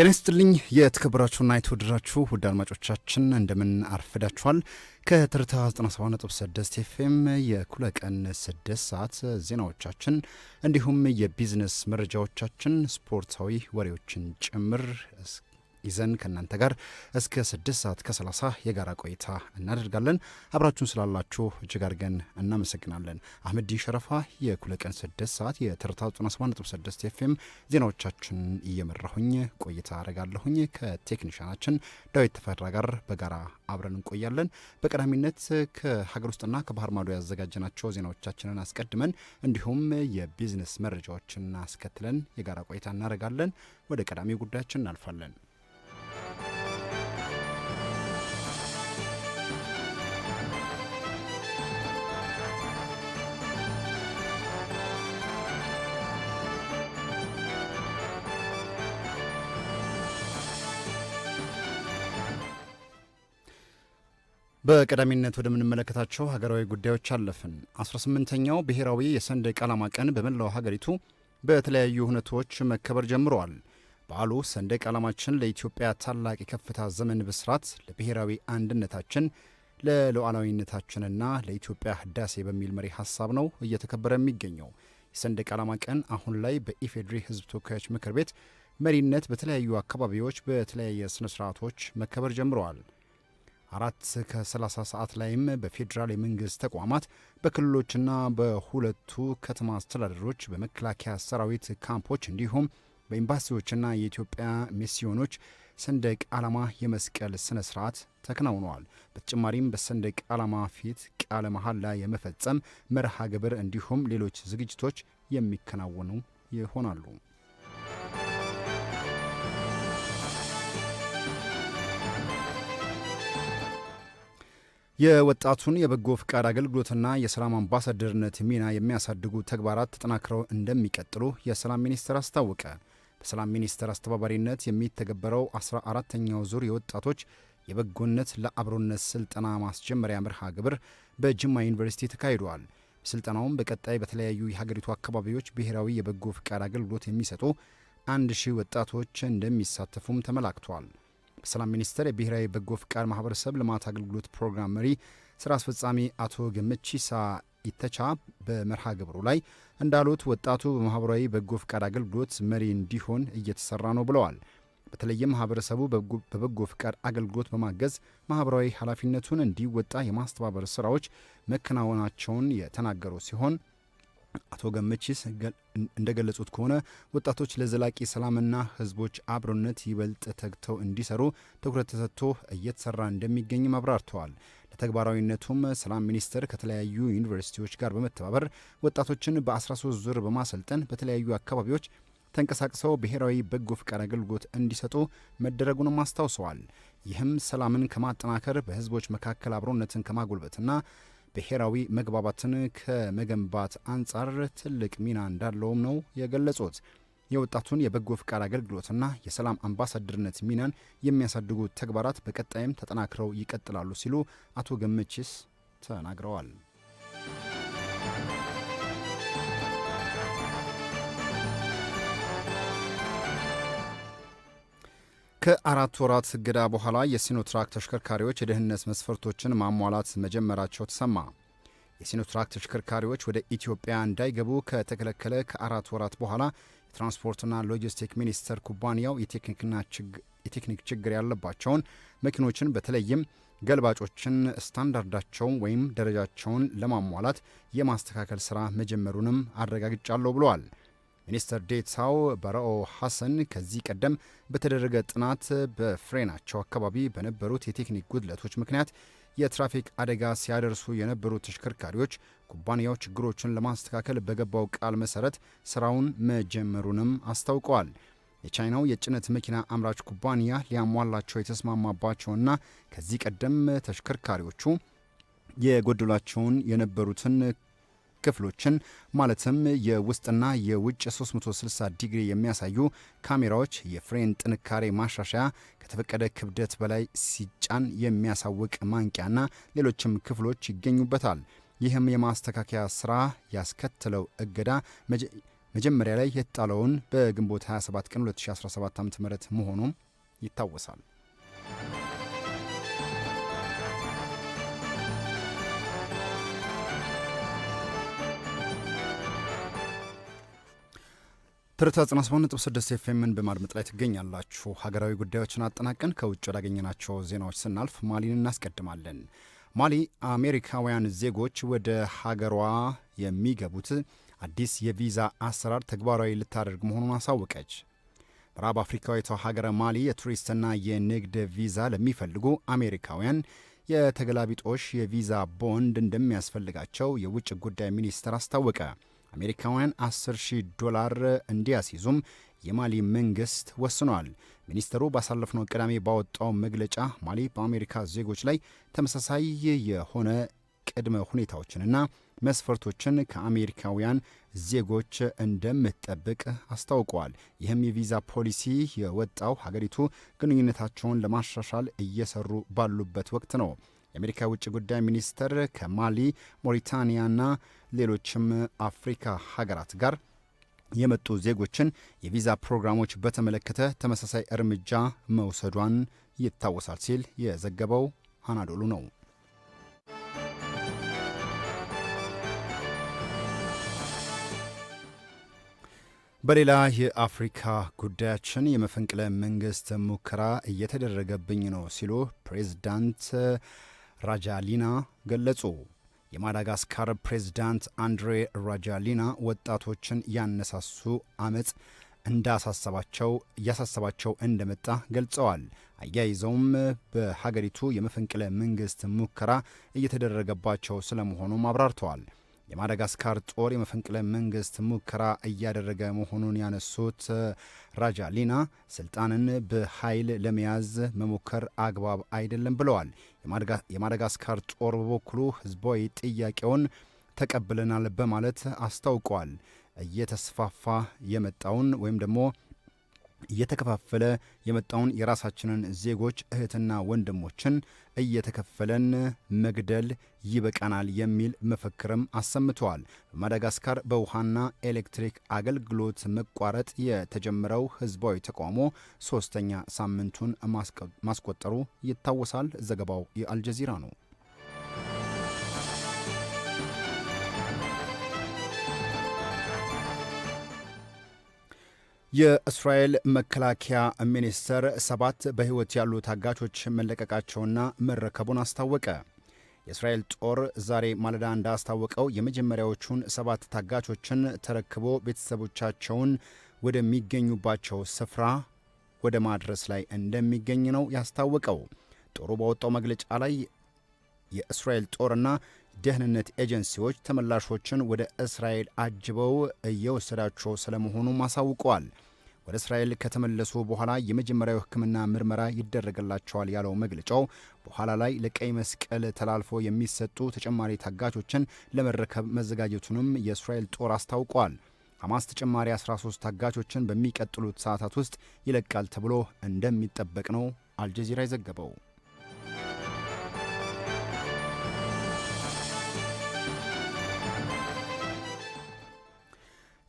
ጤና ይስጥልኝ የተከበራችሁና የተወደዳችሁ ውድ አድማጮቻችን እንደምን አርፍዳችኋል። ከትርታ 97.6 ኤፍኤም የኩለ ቀን 6 ሰዓት ዜናዎቻችን እንዲሁም የቢዝነስ መረጃዎቻችን ስፖርታዊ ወሬዎችን ጭምር ይዘን ከእናንተ ጋር እስከ ስድስት ሰዓት ከ30 የጋራ ቆይታ እናደርጋለን። አብራችሁን ስላላችሁ እጅግ አድርገን እናመሰግናለን። አህመዲን ሸረፋ የኩለቀን 6 ሰዓት የትርታ 97.6 ኤፍኤም ዜናዎቻችን እየመራሁኝ ቆይታ አረጋለሁኝ ከቴክኒሻናችን ዳዊት ተፈራ ጋር በጋራ አብረን እንቆያለን። በቀዳሚነት ከሀገር ውስጥና ከባህር ማዶ ያዘጋጀናቸው ዜናዎቻችንን አስቀድመን እንዲሁም የቢዝነስ መረጃዎችን አስከትለን የጋራ ቆይታ እናደርጋለን። ወደ ቀዳሚ ጉዳያችን እናልፋለን። በቀዳሚነት ወደምንመለከታቸው ሀገራዊ ጉዳዮች አለፍን። 18ኛው ብሔራዊ የሰንደቅ ዓላማ ቀን በመላው ሀገሪቱ በተለያዩ ሁነቶች መከበር ጀምረዋል። በዓሉ ሰንደቅ ዓላማችን ለኢትዮጵያ ታላቅ የከፍታ ዘመን ብስራት፣ ለብሔራዊ አንድነታችን፣ ለሉዓላዊነታችንና ለኢትዮጵያ ህዳሴ በሚል መሪ ሀሳብ ነው እየተከበረ የሚገኘው። የሰንደቅ ዓላማ ቀን አሁን ላይ በኢፌዴሪ ህዝብ ተወካዮች ምክር ቤት መሪነት በተለያዩ አካባቢዎች በተለያየ ስነ ስርዓቶች መከበር ጀምረዋል። አራት ከ30 ሰዓት ላይም በፌዴራል የመንግሥት ተቋማት በክልሎችና በሁለቱ ከተማ አስተዳደሮች በመከላከያ ሰራዊት ካምፖች እንዲሁም በኤምባሲዎችና የኢትዮጵያ ሚስዮኖች ሰንደቅ ዓላማ የመስቀል ሥነ ሥርዓት ተከናውነዋል። በተጨማሪም በሰንደቅ ዓላማ ፊት ቃለ መሐላ የመፈጸም መርሃ ግብር እንዲሁም ሌሎች ዝግጅቶች የሚከናወኑ ይሆናሉ። የወጣቱን የበጎ ፍቃድ አገልግሎትና የሰላም አምባሳደርነት ሚና የሚያሳድጉ ተግባራት ተጠናክረው እንደሚቀጥሉ የሰላም ሚኒስቴር አስታወቀ። በሰላም ሚኒስቴር አስተባባሪነት የሚተገበረው 14ተኛው ዙር የወጣቶች የበጎነት ለአብሮነት ስልጠና ማስጀመሪያ መርሃ ግብር በጅማ ዩኒቨርሲቲ ተካሂዷል። ስልጠናውም በቀጣይ በተለያዩ የሀገሪቱ አካባቢዎች ብሔራዊ የበጎ ፍቃድ አገልግሎት የሚሰጡ አንድ ሺህ ወጣቶች እንደሚሳተፉም ተመላክቷል። ሰላም ሚኒስቴር የብሔራዊ በጎ ፍቃድ ማህበረሰብ ልማት አገልግሎት ፕሮግራም መሪ ስራ አስፈጻሚ አቶ ገመቺሳ ኢተቻ በመርሃ ግብሩ ላይ እንዳሉት ወጣቱ በማህበራዊ በጎ ፍቃድ አገልግሎት መሪ እንዲሆን እየተሰራ ነው ብለዋል። በተለይም ማህበረሰቡ በበጎ ፍቃድ አገልግሎት በማገዝ ማህበራዊ ኃላፊነቱን እንዲወጣ የማስተባበር ስራዎች መከናወናቸውን የተናገሩ ሲሆን አቶ ገመቺስ እንደገለጹት ከሆነ ወጣቶች ለዘላቂ ሰላምና ህዝቦች አብሮነት ይበልጥ ተግተው እንዲሰሩ ትኩረት ተሰጥቶ እየተሰራ እንደሚገኝ አብራርተዋል። ለተግባራዊነቱም ሰላም ሚኒስቴር ከተለያዩ ዩኒቨርሲቲዎች ጋር በመተባበር ወጣቶችን በ13 ዙር በማሰልጠን በተለያዩ አካባቢዎች ተንቀሳቅሰው ብሔራዊ በጎ ፍቃድ አገልግሎት እንዲሰጡ መደረጉንም አስታውሰዋል። ይህም ሰላምን ከማጠናከር በህዝቦች መካከል አብሮነትን ከማጎልበትና ብሔራዊ መግባባትን ከመገንባት አንጻር ትልቅ ሚና እንዳለውም ነው የገለጹት። የወጣቱን የበጎ ፍቃድ አገልግሎትና የሰላም አምባሳደርነት ሚናን የሚያሳድጉ ተግባራት በቀጣይም ተጠናክረው ይቀጥላሉ ሲሉ አቶ ገመችስ ተናግረዋል። ከአራት ወራት እገዳ በኋላ የሲኖትራክ ተሽከርካሪዎች የደህንነት መስፈርቶችን ማሟላት መጀመራቸው ተሰማ። የሲኖትራክ ተሽከርካሪዎች ወደ ኢትዮጵያ እንዳይገቡ ከተከለከለ ከአራት ወራት በኋላ የትራንስፖርትና ሎጂስቲክ ሚኒስቴር ኩባንያው የቴክኒክ ችግር ያለባቸውን መኪኖችን በተለይም ገልባጮችን ስታንዳርዳቸውን ወይም ደረጃቸውን ለማሟላት የማስተካከል ሥራ መጀመሩንም አረጋግጫለሁ ብለዋል። ሚኒስትር ዴታው በረኦ ሐሰን ከዚህ ቀደም በተደረገ ጥናት በፍሬናቸው አካባቢ በነበሩት የቴክኒክ ጉድለቶች ምክንያት የትራፊክ አደጋ ሲያደርሱ የነበሩ ተሽከርካሪዎች ኩባንያው ችግሮችን ለማስተካከል በገባው ቃል መሰረት ስራውን መጀመሩንም አስታውቀዋል። የቻይናው የጭነት መኪና አምራች ኩባንያ ሊያሟላቸው የተስማማባቸውና ከዚህ ቀደም ተሽከርካሪዎቹ የጎደሏቸውን የነበሩትን ክፍሎችን ማለትም የውስጥና የውጭ 360 ዲግሪ የሚያሳዩ ካሜራዎች፣ የፍሬን ጥንካሬ ማሻሻያ፣ ከተፈቀደ ክብደት በላይ ሲጫን የሚያሳውቅ ማንቂያና ሌሎችም ክፍሎች ይገኙበታል። ይህም የማስተካከያ ስራ ያስከትለው እገዳ መጀመሪያ ላይ የተጣለውን በግንቦት 27 ቀን 2017 ም መሆኑም ይታወሳል። ትርታ 97.6 ኤፍኤምን በማድመጥ ላይ ትገኛላችሁ። ሀገራዊ ጉዳዮችን አጠናቀን ከውጭ ወዳገኘናቸው ዜናዎች ስናልፍ ማሊን እናስቀድማለን። ማሊ አሜሪካውያን ዜጎች ወደ ሀገሯ የሚገቡት አዲስ የቪዛ አሰራር ተግባራዊ ልታደርግ መሆኑን አሳወቀች። ምዕራብ አፍሪካዊቷ ሀገረ ማሊ የቱሪስትና የንግድ ቪዛ ለሚፈልጉ አሜሪካውያን የተገላቢጦሽ የቪዛ ቦንድ እንደሚያስፈልጋቸው የውጭ ጉዳይ ሚኒስቴር አስታወቀ። አሜሪካውያን 10 ሺህ ዶላር እንዲያስይዙም የማሊ መንግስት ወስኗል። ሚኒስተሩ ባሳለፍነው ቅዳሜ ባወጣው መግለጫ ማሊ በአሜሪካ ዜጎች ላይ ተመሳሳይ የሆነ ቅድመ ሁኔታዎችንና መስፈርቶችን ከአሜሪካውያን ዜጎች እንደምትጠብቅ አስታውቀዋል። ይህም የቪዛ ፖሊሲ የወጣው ሀገሪቱ ግንኙነታቸውን ለማሻሻል እየሰሩ ባሉበት ወቅት ነው። የአሜሪካ ውጭ ጉዳይ ሚኒስተር ከማሊ ሞሪታንያና ሌሎችም አፍሪካ ሀገራት ጋር የመጡ ዜጎችን የቪዛ ፕሮግራሞች በተመለከተ ተመሳሳይ እርምጃ መውሰዷን ይታወሳል ሲል የዘገበው አናዶሉ ነው። በሌላ የአፍሪካ ጉዳያችን የመፈንቅለ መንግስት ሙከራ እየተደረገብኝ ነው ሲሉ ፕሬዚዳንት ራጃሊና ገለጹ። የማዳጋስካር ፕሬዝዳንት አንድሬ ራጃሊና ወጣቶችን ያነሳሱ አመፅ እንዳሳሰባቸው እያሳሰባቸው እንደመጣ ገልጸዋል። አያይዘውም በሀገሪቱ የመፈንቅለ መንግስት ሙከራ እየተደረገባቸው ስለመሆኑም አብራርተዋል። የማዳጋስካር ጦር የመፈንቅለ መንግስት ሙከራ እያደረገ መሆኑን ያነሱት ራጃሊና ስልጣንን በኃይል ለመያዝ መሞከር አግባብ አይደለም ብለዋል። የማዳጋስካር ጦር በበኩሉ ህዝባዊ ጥያቄውን ተቀብለናል በማለት አስታውቋል። እየተስፋፋ የመጣውን ወይም ደግሞ እየተከፋፈለ የመጣውን የራሳችንን ዜጎች እህትና ወንድሞችን እየተከፈለን መግደል ይበቃናል የሚል መፈክርም አሰምተዋል። በማዳጋስካር በውሃና ኤሌክትሪክ አገልግሎት መቋረጥ የተጀመረው ህዝባዊ ተቃውሞ ሶስተኛ ሳምንቱን ማስቆጠሩ ይታወሳል። ዘገባው የአልጀዚራ ነው። የእስራኤል መከላከያ ሚኒስቴር ሰባት በሕይወት ያሉ ታጋቾች መለቀቃቸውና መረከቡን አስታወቀ። የእስራኤል ጦር ዛሬ ማለዳ እንዳስታወቀው የመጀመሪያዎቹን ሰባት ታጋቾችን ተረክቦ ቤተሰቦቻቸውን ወደሚገኙባቸው ስፍራ ወደ ማድረስ ላይ እንደሚገኝ ነው ያስታወቀው። ጦሩ ባወጣው መግለጫ ላይ የእስራኤል ጦርና ደህንነት ኤጀንሲዎች ተመላሾችን ወደ እስራኤል አጅበው እየወሰዳቸው ስለመሆኑም አሳውቀዋል። ወደ እስራኤል ከተመለሱ በኋላ የመጀመሪያው ሕክምና ምርመራ ይደረግላቸዋል ያለው መግለጫው በኋላ ላይ ለቀይ መስቀል ተላልፎ የሚሰጡ ተጨማሪ ታጋቾችን ለመረከብ መዘጋጀቱንም የእስራኤል ጦር አስታውቋል። ሐማስ ተጨማሪ 13 ታጋቾችን በሚቀጥሉት ሰዓታት ውስጥ ይለቃል ተብሎ እንደሚጠበቅ ነው አልጀዚራ የዘገበው።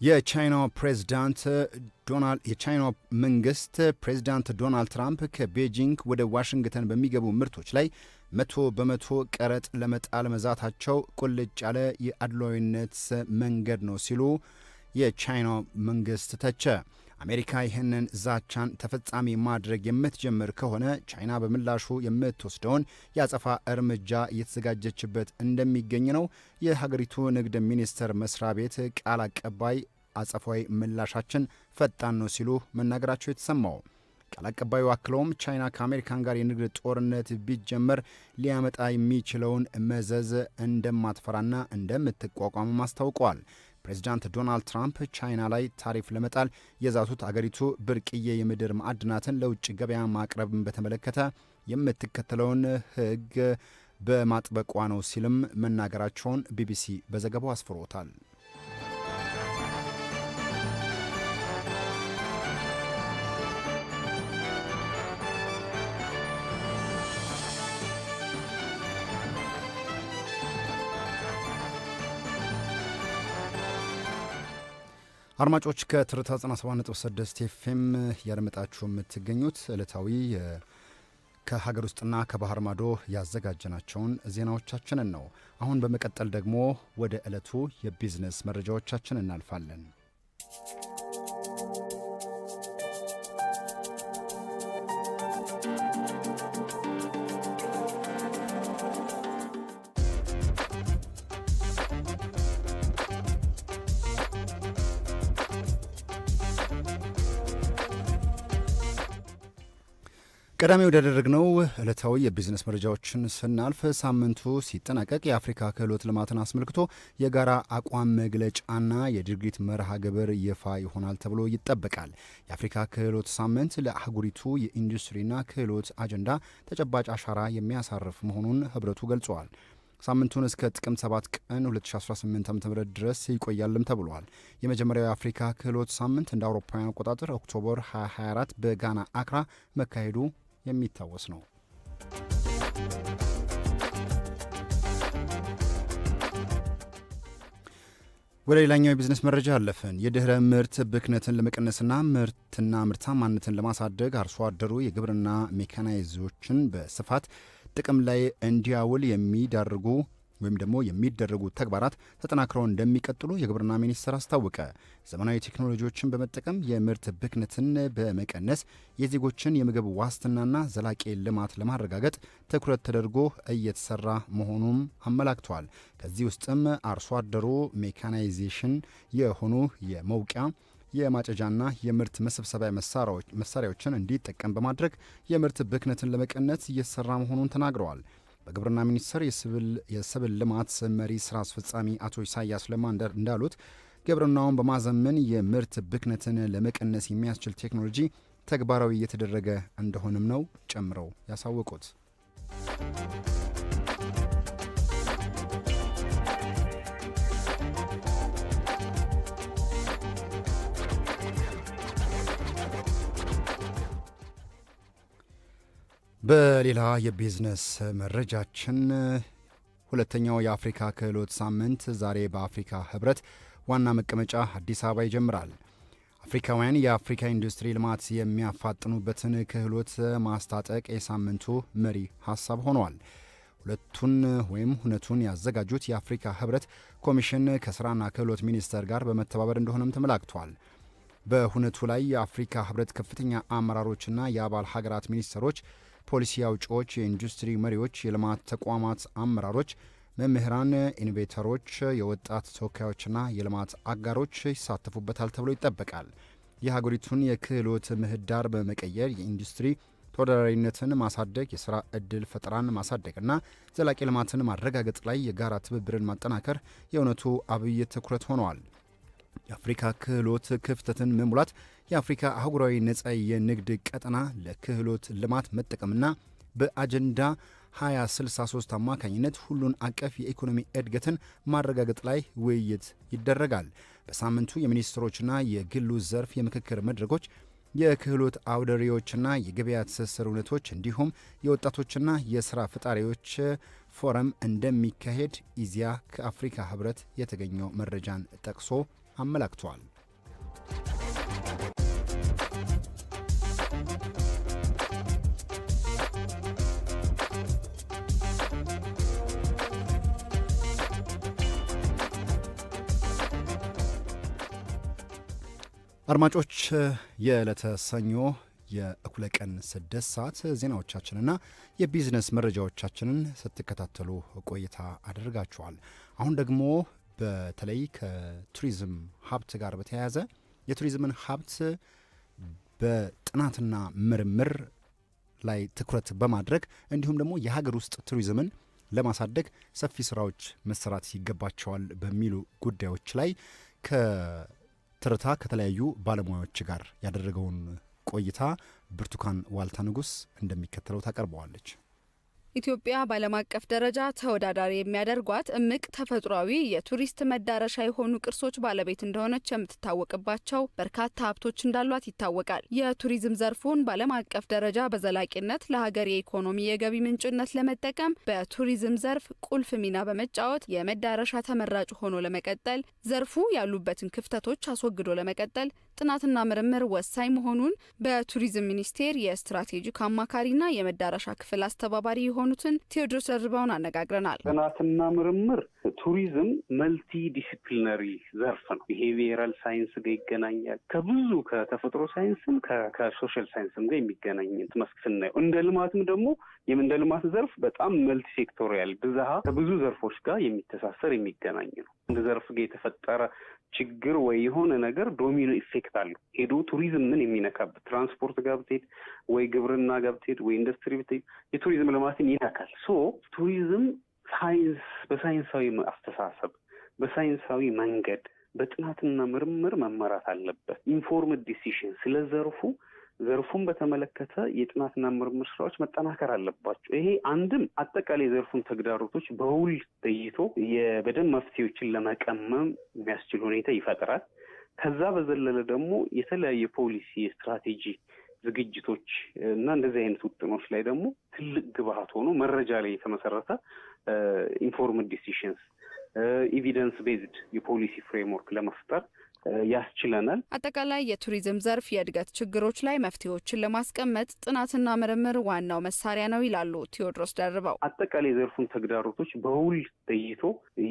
የቻይናው ፕሬዝዳንት የቻይናው መንግስት ፕሬዝዳንት ዶናልድ ትራምፕ ከቤጂንግ ወደ ዋሽንግተን በሚገቡ ምርቶች ላይ መቶ በመቶ ቀረጥ ለመጣል መዛታቸው ቁልጭ ያለ የአድሏዊነት መንገድ ነው ሲሉ የቻይናው መንግስት ተቸ። አሜሪካ ይህንን ዛቻን ተፈጻሚ ማድረግ የምትጀምር ከሆነ ቻይና በምላሹ የምትወስደውን የአጸፋ እርምጃ እየተዘጋጀችበት እንደሚገኝ ነው የሀገሪቱ ንግድ ሚኒስቴር መስሪያ ቤት ቃል አቀባይ። አጸፋዊ ምላሻችን ፈጣን ነው ሲሉ መናገራቸው የተሰማው ቃል አቀባዩ አክለውም ቻይና ከአሜሪካን ጋር የንግድ ጦርነት ቢጀመር ሊያመጣ የሚችለውን መዘዝ እንደማትፈራና እንደምትቋቋም አስታውቀዋል። ፕሬዚዳንት ዶናልድ ትራምፕ ቻይና ላይ ታሪፍ ለመጣል የዛቱት አገሪቱ ብርቅዬ የምድር ማዕድናትን ለውጭ ገበያ ማቅረብን በተመለከተ የምትከተለውን ሕግ በማጥበቋ ነው ሲልም መናገራቸውን ቢቢሲ በዘገባው አስፍሮታል። አድማጮች ከትርታ 97.6 ኤፍኤም ያደመጣችሁ የምትገኙት ዕለታዊ ከሀገር ውስጥና ከባህር ማዶ ያዘጋጀናቸውን ዜናዎቻችንን ነው። አሁን በመቀጠል ደግሞ ወደ ዕለቱ የቢዝነስ መረጃዎቻችን እናልፋለን። ቀዳሚ ወዳደረግነው ዕለታዊ የቢዝነስ መረጃዎችን ስናልፍ ሳምንቱ ሲጠናቀቅ የአፍሪካ ክህሎት ልማትን አስመልክቶ የጋራ አቋም መግለጫና የድርጊት መርሃ ግብር ይፋ ይሆናል ተብሎ ይጠበቃል። የአፍሪካ ክህሎት ሳምንት ለአህጉሪቱ የኢንዱስትሪና ክህሎት አጀንዳ ተጨባጭ አሻራ የሚያሳርፍ መሆኑን ህብረቱ ገልጿል። ሳምንቱን እስከ ጥቅምት 7 ቀን 2018 ዓ.ም ድረስ ይቆያልም ተብሏል። የመጀመሪያው የአፍሪካ ክህሎት ሳምንት እንደ አውሮፓውያን አቆጣጠር ኦክቶበር 2024 በጋና አክራ መካሄዱ የሚታወስ ነው። ወደ ሌላኛው የቢዝነስ መረጃ አለፍን። የድህረ ምርት ብክነትን ለመቀነስና ምርትና ምርታማነትን ለማሳደግ አርሶ አደሩ የግብርና ሜካናይዞችን በስፋት ጥቅም ላይ እንዲያውል የሚዳርጉ ወይም ደግሞ የሚደረጉ ተግባራት ተጠናክረው እንደሚቀጥሉ የግብርና ሚኒስቴር አስታወቀ። ዘመናዊ ቴክኖሎጂዎችን በመጠቀም የምርት ብክነትን በመቀነስ የዜጎችን የምግብ ዋስትናና ዘላቂ ልማት ለማረጋገጥ ትኩረት ተደርጎ እየተሰራ መሆኑም አመላክቷል። ከዚህ ውስጥም አርሶ አደሩ ሜካናይዜሽን የሆኑ የመውቂያ የማጨጃና የምርት መሰብሰቢያ መሳሪያዎችን እንዲጠቀም በማድረግ የምርት ብክነትን ለመቀነስ እየተሰራ መሆኑን ተናግረዋል። በግብርና ሚኒስቴር የሰብል ልማት መሪ ስራ አስፈጻሚ አቶ ኢሳያስ ለማ እንዳሉት ግብርናውን በማዘመን የምርት ብክነትን ለመቀነስ የሚያስችል ቴክኖሎጂ ተግባራዊ እየተደረገ እንደሆነም ነው ጨምረው ያሳወቁት። በሌላ የቢዝነስ መረጃችን ሁለተኛው የአፍሪካ ክህሎት ሳምንት ዛሬ በአፍሪካ ህብረት ዋና መቀመጫ አዲስ አበባ ይጀምራል። አፍሪካውያን የአፍሪካ ኢንዱስትሪ ልማት የሚያፋጥኑበትን ክህሎት ማስታጠቅ የሳምንቱ መሪ ሀሳብ ሆኗል። ሁለቱን ወይም ሁነቱን ያዘጋጁት የአፍሪካ ህብረት ኮሚሽን ከስራና ክህሎት ሚኒስቴር ጋር በመተባበር እንደሆነም ተመላክቷል። በሁነቱ ላይ የአፍሪካ ህብረት ከፍተኛ አመራሮችና የአባል ሀገራት ሚኒስትሮች ፖሊሲ አውጪዎች፣ የኢንዱስትሪ መሪዎች፣ የልማት ተቋማት አመራሮች፣ መምህራን፣ ኢንቬተሮች፣ የወጣት ተወካዮችና የልማት አጋሮች ይሳተፉበታል ተብሎ ይጠበቃል። የሀገሪቱን የክህሎት ምህዳር በመቀየር የኢንዱስትሪ ተወዳዳሪነትን ማሳደግ፣ የስራ እድል ፈጠራን ማሳደግና ዘላቂ ልማትን ማረጋገጥ ላይ የጋራ ትብብርን ማጠናከር የእውነቱ አብይ ትኩረት ሆነዋል። የአፍሪካ ክህሎት ክፍተትን መሙላት የአፍሪካ አህጉራዊ ነጻ የንግድ ቀጠና ለክህሎት ልማት መጠቀምና በአጀንዳ 2063 አማካኝነት ሁሉን አቀፍ የኢኮኖሚ እድገትን ማረጋገጥ ላይ ውይይት ይደረጋል። በሳምንቱ የሚኒስትሮችና የግሉ ዘርፍ የምክክር መድረኮች፣ የክህሎት አውደሪዎችና የገበያ ትስስር እውነቶች እንዲሁም የወጣቶችና የሥራ ፈጣሪዎች ፎረም እንደሚካሄድ ኢዚያ ከአፍሪካ ህብረት የተገኘው መረጃን ጠቅሶ አመላክቷል። አድማጮች የዕለተ ሰኞ የእኩለ ቀን ስድስት ሰዓት ዜናዎቻችንና የቢዝነስ መረጃዎቻችንን ስትከታተሉ ቆይታ አድርጋችኋል። አሁን ደግሞ በተለይ ከቱሪዝም ሀብት ጋር በተያያዘ የቱሪዝምን ሀብት በጥናትና ምርምር ላይ ትኩረት በማድረግ እንዲሁም ደግሞ የሀገር ውስጥ ቱሪዝምን ለማሳደግ ሰፊ ስራዎች መሰራት ይገባቸዋል በሚሉ ጉዳዮች ላይ ከትርታ ከተለያዩ ባለሙያዎች ጋር ያደረገውን ቆይታ ብርቱካን ዋልታ ንጉስ እንደሚከተለው ታቀርበዋለች። ኢትዮጵያ በዓለም አቀፍ ደረጃ ተወዳዳሪ የሚያደርጓት እምቅ ተፈጥሯዊ የቱሪስት መዳረሻ የሆኑ ቅርሶች ባለቤት እንደሆነች የምትታወቅባቸው በርካታ ሀብቶች እንዳሏት ይታወቃል። የቱሪዝም ዘርፉን በዓለም አቀፍ ደረጃ በዘላቂነት ለሀገር የኢኮኖሚ የገቢ ምንጭነት ለመጠቀም በቱሪዝም ዘርፍ ቁልፍ ሚና በመጫወት የመዳረሻ ተመራጭ ሆኖ ለመቀጠል ዘርፉ ያሉበትን ክፍተቶች አስወግዶ ለመቀጠል ጥናትና ምርምር ወሳኝ መሆኑን በቱሪዝም ሚኒስቴር የስትራቴጂክ አማካሪና የመዳረሻ ክፍል አስተባባሪ የሆኑትን ቴዎድሮስ ደርበውን አነጋግረናል። ጥናትና ምርምር ቱሪዝም መልቲ ዲሲፕሊነሪ ዘርፍ ነው። ቢሄቪየራል ሳይንስ ጋር ይገናኛል። ከብዙ ከተፈጥሮ ሳይንስም ከሶሻል ሳይንስም ጋር የሚገናኝ መስክ ስናየው እንደ ልማትም ደግሞ እንደ ልማት ዘርፍ በጣም መልቲ ሴክቶሪያል ብዝሃ ከብዙ ዘርፎች ጋር የሚተሳሰር የሚገናኝ ነው። እንደ ዘርፍ ጋር የተፈጠረ ችግር ወይ የሆነ ነገር ዶሚኖ ኢፌክት አለው ሄዶ ቱሪዝም ምን የሚነካበት ትራንስፖርት ጋር ብትሄድ ወይ ግብርና ጋር ብትሄድ ወይ ኢንዱስትሪ ብትሄድ የቱሪዝም ልማትን ይነካል። ሶ ቱሪዝም ሳይንስ በሳይንሳዊ አስተሳሰብ በሳይንሳዊ መንገድ በጥናትና ምርምር መመራት አለበት። ኢንፎርምድ ዲሲሽን ስለ ዘርፉ ዘርፉን በተመለከተ የጥናትና ምርምር ስራዎች መጠናከር አለባቸው። ይሄ አንድም አጠቃላይ ዘርፉን ተግዳሮቶች በውል ተይቶ በደንብ መፍትሄዎችን ለመቀመም የሚያስችል ሁኔታ ይፈጥራል። ከዛ በዘለለ ደግሞ የተለያየ ፖሊሲ የስትራቴጂ ዝግጅቶች እና እንደዚህ አይነት ውጥኖች ላይ ደግሞ ትልቅ ግብአት ሆኖ መረጃ ላይ የተመሰረተ ኢንፎርምድ ዲሲሽንስ፣ ኢቪደንስ ቤዝድ የፖሊሲ ፍሬምወርክ ለመፍጠር ያስችለናል። አጠቃላይ የቱሪዝም ዘርፍ የእድገት ችግሮች ላይ መፍትሄዎችን ለማስቀመጥ ጥናትና ምርምር ዋናው መሳሪያ ነው ይላሉ ቴዎድሮስ ደርበው። አጠቃላይ የዘርፉን ተግዳሮቶች በውል ጠይቶ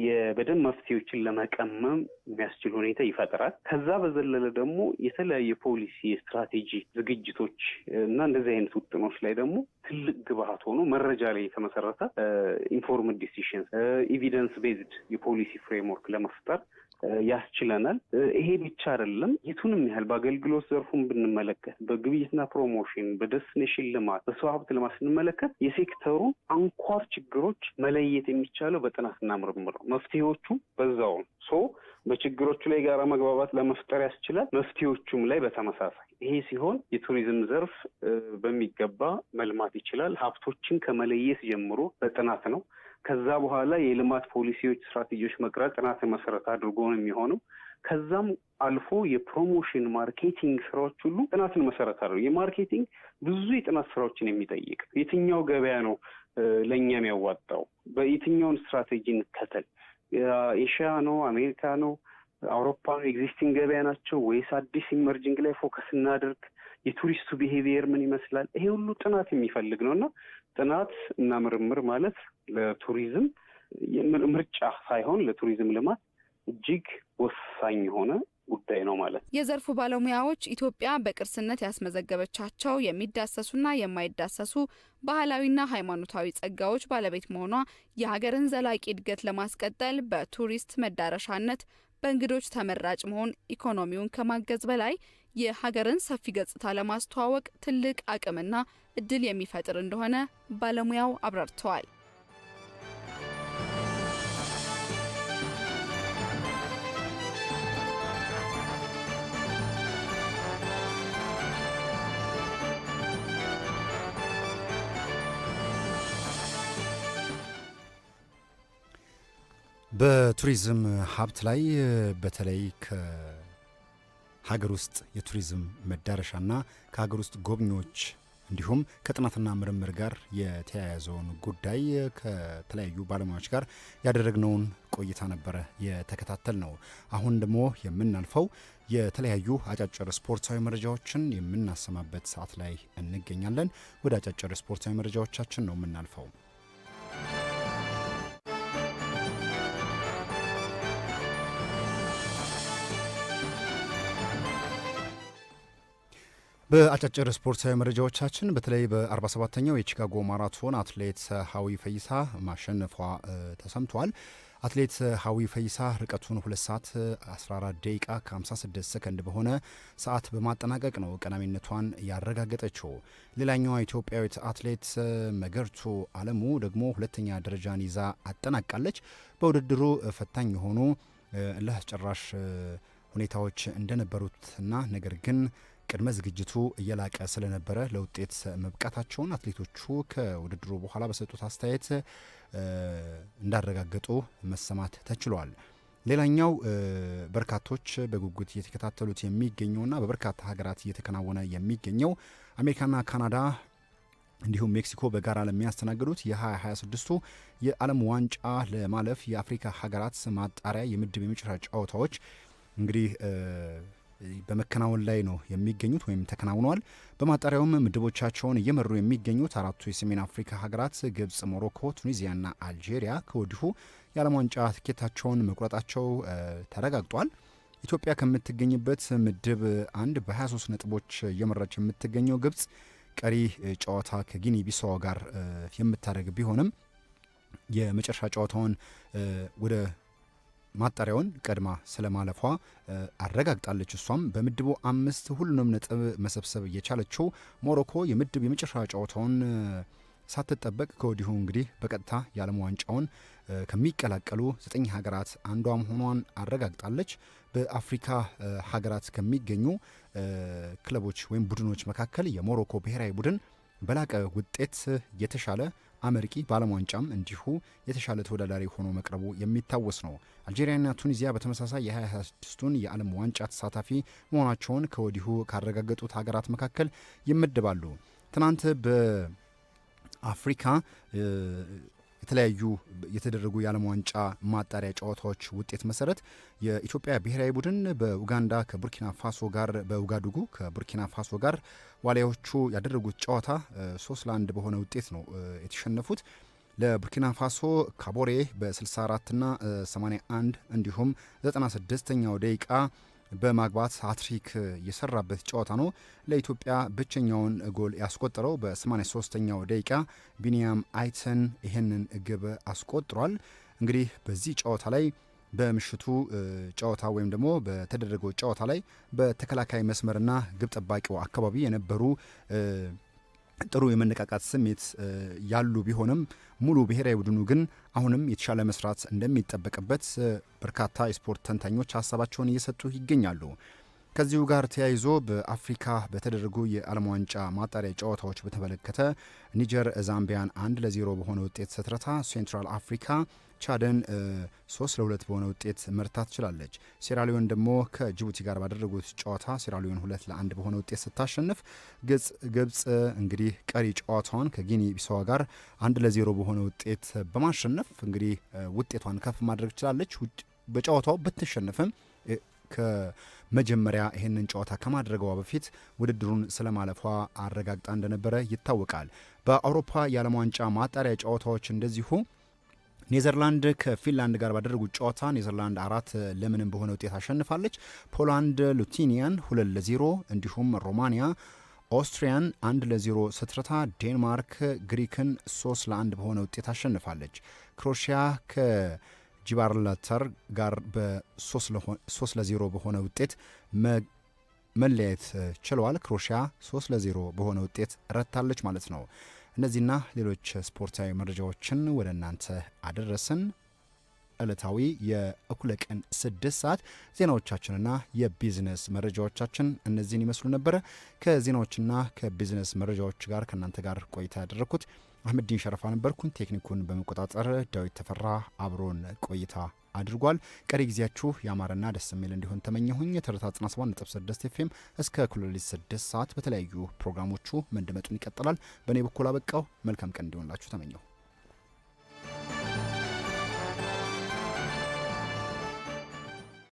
የበደን መፍትሄዎችን ለመቀመም የሚያስችል ሁኔታ ይፈጥራል። ከዛ በዘለለ ደግሞ የተለያዩ የፖሊሲ የስትራቴጂ ዝግጅቶች እና እንደዚህ አይነት ውጥኖች ላይ ደግሞ ትልቅ ግብዓት ሆኖ መረጃ ላይ የተመሰረተ ኢንፎርምድ ዲሲሽን ኤቪደንስ ቤዝድ የፖሊሲ ፍሬምወርክ ለመፍጠር ያስችለናል። ይሄ ብቻ አይደለም። የቱንም ያህል በአገልግሎት ዘርፉን ብንመለከት፣ በግብይትና ፕሮሞሽን፣ በደስቲኔሽን ልማት፣ በሰው ሀብት ልማት ስንመለከት የሴክተሩ አንኳር ችግሮች መለየት የሚቻለው በጥናትና ምርምር ነው። መፍትሄዎቹ በዛው ነው። ሶ በችግሮቹ ላይ ጋራ መግባባት ለመፍጠር ያስችላል። መፍትሄዎቹም ላይ በተመሳሳይ ይሄ ሲሆን የቱሪዝም ዘርፍ በሚገባ መልማት ይችላል። ሀብቶችን ከመለየት ጀምሮ በጥናት ነው ከዛ በኋላ የልማት ፖሊሲዎች፣ ስትራቴጂዎች መቅረጽ ጥናት መሰረት አድርጎ ነው የሚሆነው። ከዛም አልፎ የፕሮሞሽን ማርኬቲንግ ስራዎች ሁሉ ጥናትን መሰረት አድርገው የማርኬቲንግ ብዙ የጥናት ስራዎችን የሚጠይቅ የትኛው ገበያ ነው ለእኛ የሚያዋጣው፣ በየትኛውን ስትራቴጂ እንከተል፣ ኤሽያ ነው፣ አሜሪካ ነው፣ አውሮፓ ነው፣ ኤግዚስቲንግ ገበያ ናቸው ወይስ አዲስ ኢመርጂንግ ላይ ፎከስ እናደርግ፣ የቱሪስቱ ቢሄቪየር ምን ይመስላል፣ ይሄ ሁሉ ጥናት የሚፈልግ ነው እና ጥናት እና ምርምር ማለት ለቱሪዝም ምርጫ ሳይሆን ለቱሪዝም ልማት እጅግ ወሳኝ የሆነ ጉዳይ ነው ማለት የዘርፉ ባለሙያዎች ኢትዮጵያ በቅርስነት ያስመዘገበቻቸው የሚዳሰሱና የማይዳሰሱ ባህላዊና ሃይማኖታዊ ጸጋዎች ባለቤት መሆኗ የሀገርን ዘላቂ እድገት ለማስቀጠል በቱሪስት መዳረሻነት በእንግዶች ተመራጭ መሆን ኢኮኖሚውን ከማገዝ በላይ የሀገርን ሰፊ ገጽታ ለማስተዋወቅ ትልቅ አቅምና እድል የሚፈጥር እንደሆነ ባለሙያው አብራርተዋል። በቱሪዝም ሀብት ላይ በተለይ ሀገር ውስጥ የቱሪዝም መዳረሻና ከሀገር ውስጥ ጎብኚዎች እንዲሁም ከጥናትና ምርምር ጋር የተያያዘውን ጉዳይ ከተለያዩ ባለሙያዎች ጋር ያደረግነውን ቆይታ ነበረ የተከታተል ነው። አሁን ደግሞ የምናልፈው የተለያዩ አጫጭር ስፖርታዊ መረጃዎችን የምናሰማበት ሰዓት ላይ እንገኛለን። ወደ አጫጭር ስፖርታዊ መረጃዎቻችን ነው የምናልፈው። በአጫጭር ስፖርታዊ መረጃዎቻችን በተለይ በ47ኛው የቺካጎ ማራቶን አትሌት ሀዊ ፈይሳ ማሸነፏ ተሰምቷል። አትሌት ሀዊ ፈይሳ ርቀቱን 2 ሰዓት 14 ደቂቃ ከ56 ሰከንድ በሆነ ሰዓት በማጠናቀቅ ነው ቀዳሚነቷን ያረጋገጠችው። ሌላኛዋ ኢትዮጵያዊት አትሌት መገርቱ አለሙ ደግሞ ሁለተኛ ደረጃን ይዛ አጠናቃለች። በውድድሩ ፈታኝ የሆኑ እልህ አስጨራሽ ሁኔታዎች እንደነበሩትና ነገር ግን ቅድመ ዝግጅቱ እየላቀ ስለነበረ ለውጤት መብቃታቸውን አትሌቶቹ ከውድድሩ በኋላ በሰጡት አስተያየት እንዳረጋገጡ መሰማት ተችሏል። ሌላኛው በርካቶች በጉጉት እየተከታተሉት የሚገኘውና በበርካታ ሀገራት እየተከናወነ የሚገኘው አሜሪካና ካናዳ እንዲሁም ሜክሲኮ በጋራ ለሚያስተናግዱት የ2026ቱ የዓለም ዋንጫ ለማለፍ የአፍሪካ ሀገራት ማጣሪያ የምድብ የመጨረሻ ጨዋታዎች እንግዲህ በመከናወን ላይ ነው የሚገኙት ወይም ተከናውነዋል። በማጣሪያውም ምድቦቻቸውን እየመሩ የሚገኙት አራቱ የሰሜን አፍሪካ ሀገራት ግብጽ፣ ሞሮኮ፣ ቱኒዚያና አልጄሪያ ከወዲሁ የዓለም ዋንጫ ትኬታቸውን መቁረጣቸው ተረጋግጧል። ኢትዮጵያ ከምትገኝበት ምድብ አንድ በ23 ነጥቦች እየመራች የምትገኘው ግብጽ ቀሪ ጨዋታ ከጊኒ ቢሳዋ ጋር የምታደርግ ቢሆንም የመጨረሻ ጨዋታውን ወደ ማጣሪያውን ቀድማ ስለማለፏ አረጋግጣለች። እሷም በምድቡ አምስት ሁሉንም ነጥብ መሰብሰብ እየቻለችው ሞሮኮ የምድብ የመጨረሻ ጨዋታውን ሳትጠበቅ ከወዲሁ እንግዲህ በቀጥታ የዓለም ዋንጫውን ከሚቀላቀሉ ዘጠኝ ሀገራት አንዷ መሆኗን አረጋግጣለች። በአፍሪካ ሀገራት ከሚገኙ ክለቦች ወይም ቡድኖች መካከል የሞሮኮ ብሔራዊ ቡድን በላቀ ውጤት የተሻለ አመርቂ በዓለም ዋንጫም እንዲሁ የተሻለ ተወዳዳሪ ሆኖ መቅረቡ የሚታወስ ነው። አልጄሪያና ቱኒዚያ በተመሳሳይ የ2026ቱን የዓለም ዋንጫ ተሳታፊ መሆናቸውን ከወዲሁ ካረጋገጡት ሀገራት መካከል ይመደባሉ። ትናንት በአፍሪካ የተለያዩ የተደረጉ የዓለም ዋንጫ ማጣሪያ ጨዋታዎች ውጤት መሰረት የኢትዮጵያ ብሔራዊ ቡድን በኡጋንዳ ከቡርኪና ፋሶ ጋር በኡጋዱጉ ከቡርኪና ፋሶ ጋር ዋሊያዎቹ ያደረጉት ጨዋታ ሶስት ለአንድ በሆነ ውጤት ነው የተሸነፉት። ለቡርኪና ፋሶ ካቦሬ በ64ና 81 እንዲሁም 96ኛው ደቂቃ በማግባት ሀትሪክ የሰራበት ጨዋታ ነው። ለኢትዮጵያ ብቸኛውን ጎል ያስቆጠረው በ83ኛው ደቂቃ ቢኒያም አይተን ይህንን ግብ አስቆጥሯል። እንግዲህ በዚህ ጨዋታ ላይ በምሽቱ ጨዋታ ወይም ደግሞ በተደረገው ጨዋታ ላይ በተከላካይ መስመርና ግብ ጠባቂው አካባቢ የነበሩ ጥሩ የመነቃቃት ስሜት ያሉ ቢሆንም ሙሉ ብሔራዊ ቡድኑ ግን አሁንም የተሻለ መስራት እንደሚጠበቅበት በርካታ የስፖርት ተንታኞች ሀሳባቸውን እየሰጡ ይገኛሉ። ከዚሁ ጋር ተያይዞ በአፍሪካ በተደረጉ የዓለም ዋንጫ ማጣሪያ ጨዋታዎች በተመለከተ ኒጀር ዛምቢያን አንድ ለዜሮ በሆነ ውጤት ስትረታ ሴንትራል አፍሪካ ቻድን ሶስት ለሁለት በሆነ ውጤት መርታት ችላለች። ሴራሊዮን ደግሞ ከጅቡቲ ጋር ባደረጉት ጨዋታ ሴራሊዮን ሁለት ለአንድ በሆነ ውጤት ስታሸንፍ፣ ግብፅ እንግዲህ ቀሪ ጨዋታዋን ከጊኒ ቢሳዋ ጋር አንድ ለዜሮ በሆነ ውጤት በማሸነፍ እንግዲህ ውጤቷን ከፍ ማድረግ ችላለች። በጨዋታው ብትሸንፍም ከመጀመሪያ ይህንን ጨዋታ ከማድረገዋ በፊት ውድድሩን ስለማለፏ አረጋግጣ እንደነበረ ይታወቃል። በአውሮፓ የዓለም ዋንጫ ማጣሪያ ጨዋታዎች እንደዚሁ ኔዘርላንድ ከፊንላንድ ጋር ባደረጉት ጨዋታ ኔዘርላንድ አራት ለምንም በሆነ ውጤት አሸንፋለች። ፖላንድ ሉቲኒያን ሁለት ለዜሮ እንዲሁም ሮማኒያ ኦስትሪያን አንድ ለዜሮ ስትረታ ዴንማርክ ግሪክን ሶስት ለአንድ በሆነ ውጤት አሸንፋለች። ከ ጂባርላተር ጋር በሶስት ለዜሮ በሆነ ውጤት መለያየት ችለዋል። ክሮኤሽያ ሶስት ለዜሮ በሆነ ውጤት ረታለች ማለት ነው። እነዚህና ሌሎች ስፖርታዊ መረጃዎችን ወደ እናንተ አደረስን። ዕለታዊ የእኩለ ቀን ስድስት ሰዓት ዜናዎቻችንና የቢዝነስ መረጃዎቻችን እነዚህን ይመስሉ ነበረ። ከዜናዎችና ከቢዝነስ መረጃዎች ጋር ከእናንተ ጋር ቆይታ ያደረግኩት አህመዲን ሸረፋ ነበርኩን። ቴክኒኩን በመቆጣጠር ዳዊት ተፈራ አብሮን ቆይታ አድርጓል። ቀሪ ጊዜያችሁ የአማረና ደስ የሚል እንዲሆን ተመኘሁኝ። የተረታ 97.6 ኤፍኤም እስከ ኩለሌት 6 ሰዓት በተለያዩ ፕሮግራሞቹ መንደመጡን ይቀጥላል። በእኔ በኩል አበቃው። መልካም ቀን እንዲሆንላችሁ ተመኘሁ።